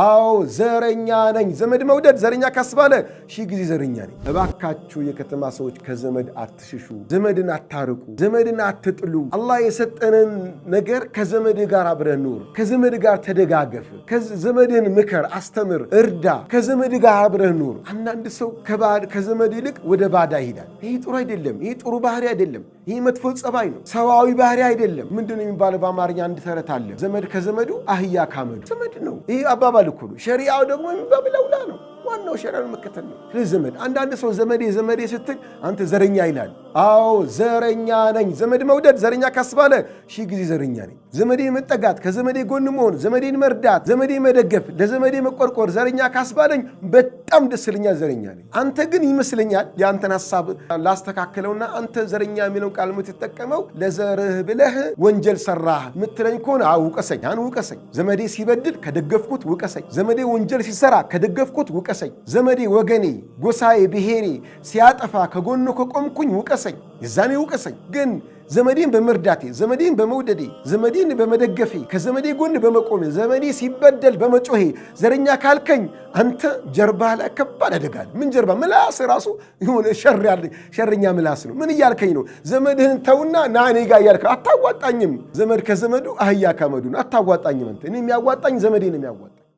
አዎ ዘረኛ ነኝ። ዘመድ መውደድ ዘረኛ ካስባለ ሺ ጊዜ ዘረኛ ነኝ። እባካችሁ የከተማ ሰዎች ከዘመድ አትሽሹ፣ ዘመድን አታርቁ፣ ዘመድን አትጥሉ። አላህ የሰጠንን ነገር ከዘመድ ጋር አብረህ ኑር፣ ከዘመድ ጋር ተደጋገፍ፣ ዘመድህን ምከር፣ አስተምር፣ እርዳ፣ ከዘመድ ጋር አብረህ ኑር። አንዳንድ ሰው ከዘመድ ይልቅ ወደ ባዳ ይሄዳል። ይህ ጥሩ አይደለም። ይህ ጥሩ ባህሪ አይደለም። ይህ መጥፎ ጸባይ ነው። ሰብአዊ ባህሪ አይደለም። ምንድን ነው የሚባለው? በአማርኛ አንድ ተረት አለ። ዘመድ ከዘመዱ አህያ ካመዱ ዘመድ ነው። ይህ አባባል አልኩ ነው። ሸሪዓው ደግሞ የሚባብለውላ ነው። ዋናው ሸሪያ መከተል ነው። ስለዚህ ዘመድ አንዳንድ ሰው ዘመዴ ዘመዴ ስትል አንተ ዘረኛ ይላል። አዎ ዘረኛ ነኝ። ዘመድ መውደድ ዘረኛ ካስባለ ሺህ ጊዜ ዘረኛ ነኝ። ዘመዴ መጠጋት፣ ከዘመዴ ጎን መሆን፣ ዘመዴን መርዳት፣ ዘመዴ መደገፍ፣ ለዘመዴ መቆርቆር ዘረኛ ካስባለኝ በጣም ደስለኛ ዘረኛ ነኝ። አንተ ግን ይመስለኛል የአንተን ሀሳብ ላስተካክለውና አንተ ዘረኛ የሚለው ቃል የምትጠቀመው ለዘርህ ብለህ ወንጀል ሰራህ የምትለኝ ከሆነ ውቀሰኝ፣ አን ውቀሰኝ። ዘመዴ ሲበድል ከደገፍኩት ውቀሰኝ። ዘመዴ ወንጀል ሲሰራ ከደገፍኩት ውቀ ውቀሰኝ። ዘመዴ፣ ወገኔ፣ ጎሳዬ፣ ብሔሬ ሲያጠፋ ከጎኖ ከቆምኩኝ ውቀሰኝ፣ የዛኔ ውቀሰኝ። ግን ዘመዴን በመርዳቴ ዘመዴን በመውደዴ ዘመዴን በመደገፌ ከዘመዴ ጎን በመቆሜ ዘመዴ ሲበደል በመጮሄ ዘረኛ ካልከኝ አንተ ጀርባ ላይ ከባድ አደጋል። ምን ጀርባ ምላስ ራሱ የሆነ ሸረኛ ምላስ ነው። ምን እያልከኝ ነው? ዘመድህን ተውና ና እኔ ጋር እያልከ አታዋጣኝም። ዘመድ ከዘመዱ አህያ ከመዱን አታዋጣኝም። እኔ የሚያዋጣኝ ዘመዴ ነው የሚያዋጣ